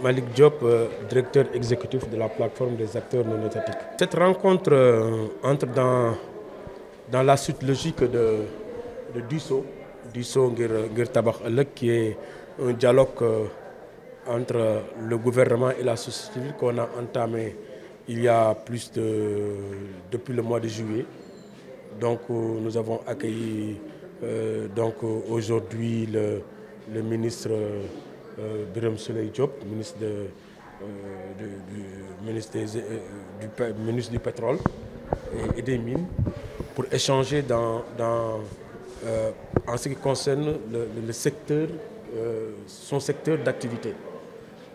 Malik Diop, euh, directeur exécutif de la plateforme des acteurs non étatiques. Cette rencontre euh, entre dans, dans la suite logique de, de DUSO, Tabakh qui est un dialogue euh, entre le gouvernement et la société civile qu'on a entamé il y a plus de. depuis le mois de juillet. Donc nous avons accueilli aujourd'hui le, le ministre. Euh, Birame Soleil Diop ministre euh, du euh, du ministre du pétrole et des mines pour échanger dans en ce qui concerne le, secteur son secteur d'activité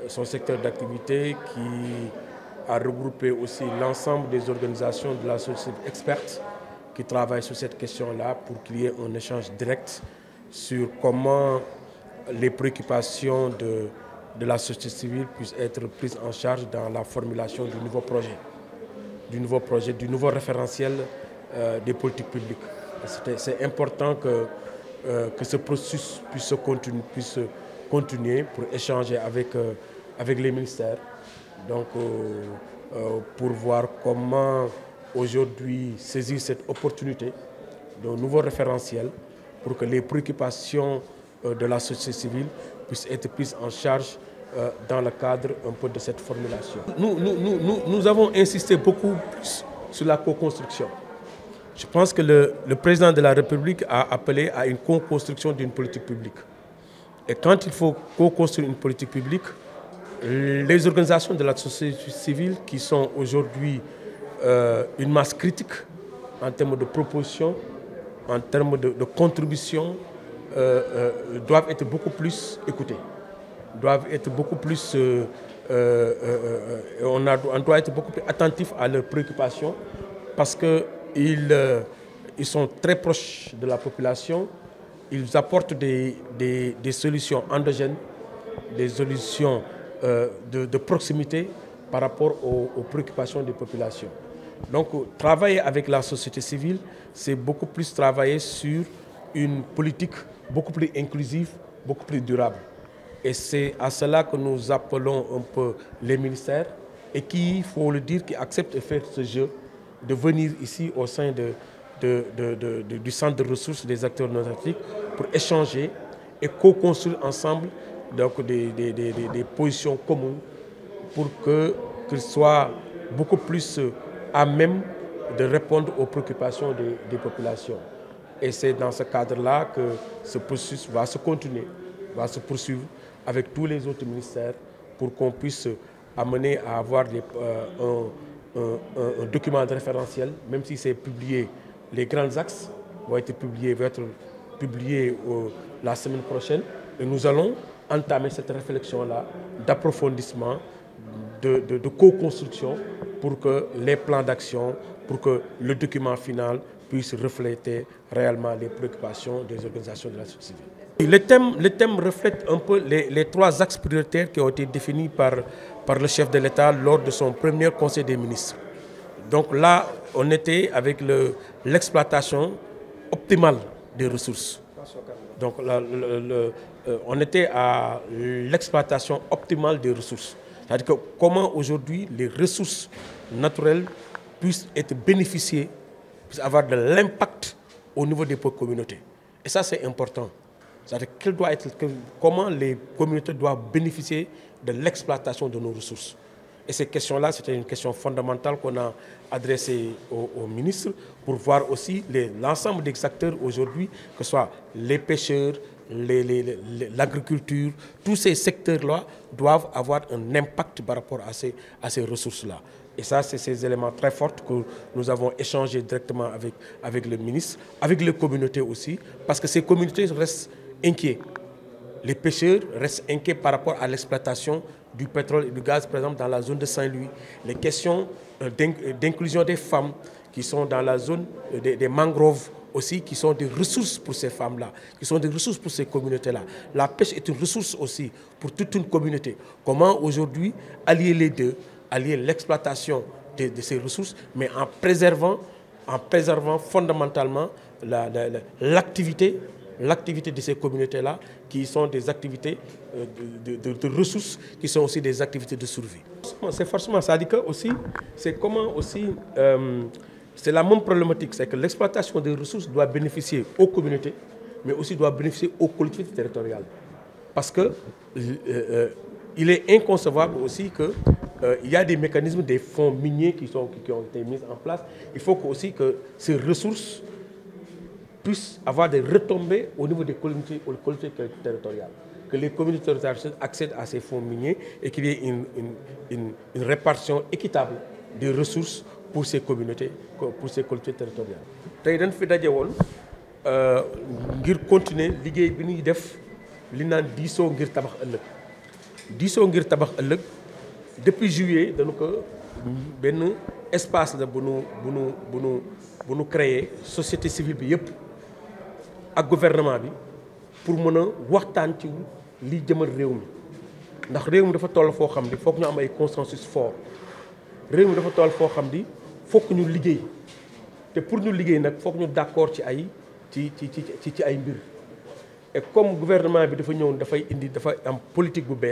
son secteur d'activité qui a regroupé aussi l'ensemble des organisations de la société experte qui travaillent sur cette question-là pour qu'il y ait un échange direct sur comment les préoccupations de, de la société civile puissent être prises en charge dans la formulation du nouveau projet, du nouveau projet, du nouveau référentiel euh, des politiques publiques. C'est important que, euh, que ce processus puisse, continuer pour échanger avec, euh, avec les ministères, donc pour voir comment aujourd'hui saisir cette opportunité d'un nouveau référentiel pour que les préoccupations euh, de la société civile puisse être prise en charge euh, dans le cadre un peu de cette formulation. Nous, nous, avons insisté beaucoup plus sur la co-construction. Je pense que le, président de la République a appelé à une co-construction d'une politique publique. Et quand il faut co-construire une politique publique, les organisations de la société civile qui sont aujourd'hui euh, une masse critique en termes de propositions, en termes de, de euh, euh, doivent être beaucoup plus écoutés, doivent être beaucoup plus... Euh, on, a, doit être beaucoup plus attentif à leurs préoccupations parce qu'ils ils sont très proches de la population, ils apportent des, solutions endogènes, des solutions de, proximité par rapport aux, aux préoccupations des populations. Donc, travailler avec la société civile, c'est beaucoup plus travailler sur une politique beaucoup plus inclusif, beaucoup plus durable. Et c'est à cela que nous appelons un peu les ministères et qui, il faut le dire, qui acceptent de faire ce jeu, de venir ici au sein du centre de ressources des acteurs nord africains pour échanger et co-construire ensemble donc, des, positions communes pour que qu'ils soient beaucoup plus à même de répondre aux préoccupations des populations. Et c'est dans ce cadre-là que ce processus va se continuer, va se poursuivre avec tous les autres ministères pour qu'on puisse amener à avoir euh, un, document de référentiel, même si c'est publié, les grands axes vont être publiés, vont être publiés euh, la semaine prochaine. Et nous allons entamer cette réflexion-là d'approfondissement, de, de co-construction pour que les plans d'action, pour que le document final puisse refléter réellement les préoccupations des organisations de la société civile. Le thème, le thème reflète un peu les, trois axes prioritaires qui ont été définis par, par le chef de l'État lors de son premier conseil des ministres. Donc là, on était avec l'exploitation optimale des ressources. Donc là, euh, on était à l'exploitation optimale des ressources. C'est-à-dire comment aujourd'hui les ressources naturelles puissent être bénéficiées avoir de l'impact au niveau des communautés. Et ça, c'est important. C'est-à-dire comment les communautés doivent bénéficier de l'exploitation de nos ressources. Et ces questions-là, c'était une question fondamentale qu'on a adressée au, au, ministre pour voir aussi l'ensemble des acteurs aujourd'hui, que ce soit les pêcheurs, l'agriculture, tous ces secteurs-là doivent avoir un impact par rapport à ces ressources-là. Et ça, c'est ces éléments très forts que nous avons échangés directement avec, avec le ministre, avec les communautés aussi, parce que ces communautés restent inquiets. Les pêcheurs restent inquiets par rapport à l'exploitation du pétrole et du gaz, par exemple, dans la zone de Saint-Louis. Les questions euh, euh, d'inclusion des femmes qui sont dans la zone euh, des mangroves aussi qui sont des ressources pour ces femmes-là, qui sont des ressources pour ces communautés-là. La pêche est une ressource aussi pour toute une communauté. Comment aujourd'hui allier les deux allier l'exploitation de, ces ressources, mais en préservant, en préservant fondamentalement l'activité de ces communautés-là, qui sont des activités euh, de, ressources, qui sont aussi des activités de survie. C'est forcément ça, dit que aussi, c'est comment aussi, euh, c'est la même problématique, c'est que l'exploitation des ressources doit bénéficier aux communautés, mais aussi doit bénéficier aux collectivités territoriales. Parce que euh, il est inconcevable aussi que euh, il y a des mécanismes, des fonds miniers qui, sont, qui, ont été mis en place. Il faut aussi que ces ressources puissent avoir des retombées au niveau des communautés des collectivités territoriales. Que les communautés territoriales accèdent à ces fonds miniers et qu'il y ait une, répartition équitable des ressources pour ces communautés, pour ces collectivités territoriales. dañ fi euh, ngir continuer bi ngir tabax Diso ngir tabax depuis juillet nous nos un espace de société civile bi le gouvernement pour mën waxtan ci li jëmal réew mi ndax réew mi dafa toll consensus fort réew mi dafa toll fo pour nous liggéey nous que ñu d'accord ci ay et comme gouvernement bi dafa ñëw politique bu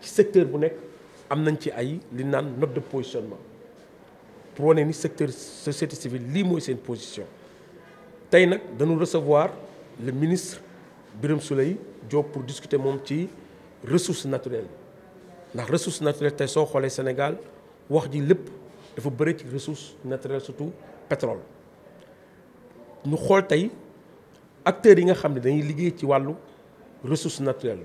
secteur bu nek am nañ ci ay li naan note de positionnement pour ni secteur société civile li une position Nous avons dañu recevoir le ministre Birum Souley pour discuter mom ci ressources naturelles ndax ressources naturelles tay so xolé Sénégal wax ji lepp dafa bëri ci ressources naturelles surtout pétrole nous xol tay acteurs yi nga xam dañuy liggéey ci walu ressources naturelles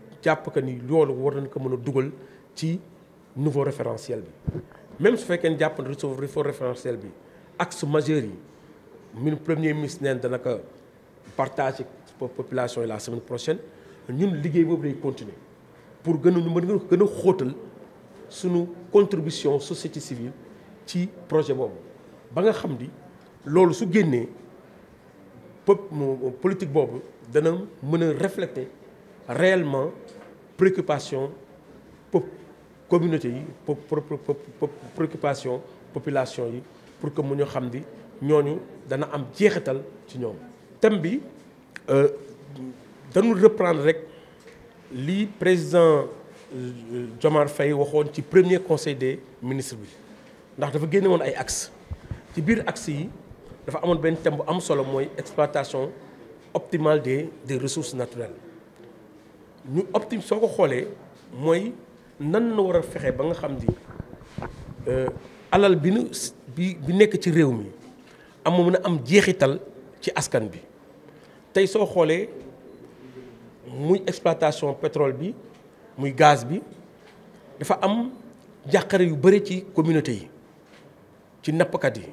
japp que ni loolu war nañ ko mën a ci nouveau référentiel bi même su fekkee ne jàpp na nouveau référentiel bi axe majeur yi ñun premier ministre neen dana ko partager population la semaine prochaine ñun liggéey boobu continuer pour gën a ñu mën a gën suñu contribution société civile ci projet bobu ba nga xam nous lolu su génné pop politique bobu dana mën refléter réellement préoccupation pour la communauté pour préoccupation population pour que nous sachions que nous avons dana am jeexital ci ñoom. thème bi euh, reprendre le président Jamar euh, Faye waxoon ci premier conseiller des ministres bi ndax dafa génne woon ay axes ci biir axes yi dafa optimale des des ressources naturelles. ñu optim soo ko xoolee mooy nan la war a fexe ba nga xam ni euh, alal bi nu bi bi nekk ci réew mi am mën a am jeexital ci askan bi tey soo xoolee muy exploitation pétrole bi muy gaz bi dafa am jàqare yu bëri ci communauté yi ci nappkat yi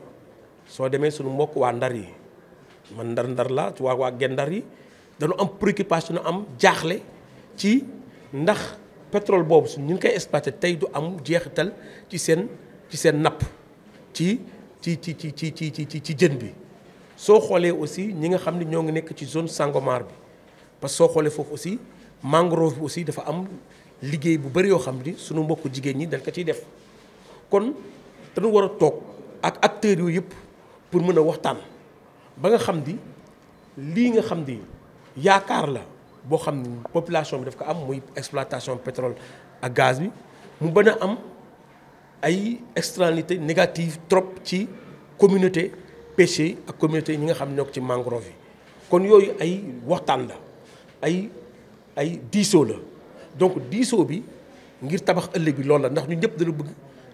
soo demee suñu mbokk waa ndar yi man ndar ndar la waa waa gen ndar yi dañu am préoccupation am jaaxle ci ndax pétrole boobu su ñu ngi koy exploité tey du am jeexital ci seen ci seen napp ci ci ci ci ci ci ci ci jën bi soo xoolee aussi ñi nga xam ne ñoo ngi nekk ci zone Sangomar bi parce que soo xoolee foofu aussi mangrove bi aussi dafa am liggéey bu bëri yoo xam ni suñu mbokku jigéen ñi dañ ko ciy def kon dañu war a toog ak acteurs yooyu yëpp pour mën a waxtaan ba nga xam ni lii nga xam ni yaakaar la. boo xam population bi daf ko am muy exploitation pétrole ak gaz bi mu bën a am ay externalités négatives trop ci communauté pêche yi ak communauté ñi nga xam ne ci mangrove yi kon yooyu ay waxtaan la ay ay diisoo la donc diisoo bi ngir tabax ëllëg bi loolu la ndax ñu ñëpp dañu bëgg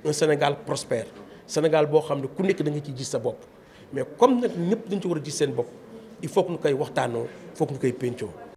un Sénégal prospère Sénégal boo xam ne ku nekk da nga ci gis sa bopp mais comme nag ñëpp dañu ci war a gis seen bopp il faut que ñu koy waxtaanoo il faut que ñu koy péncoo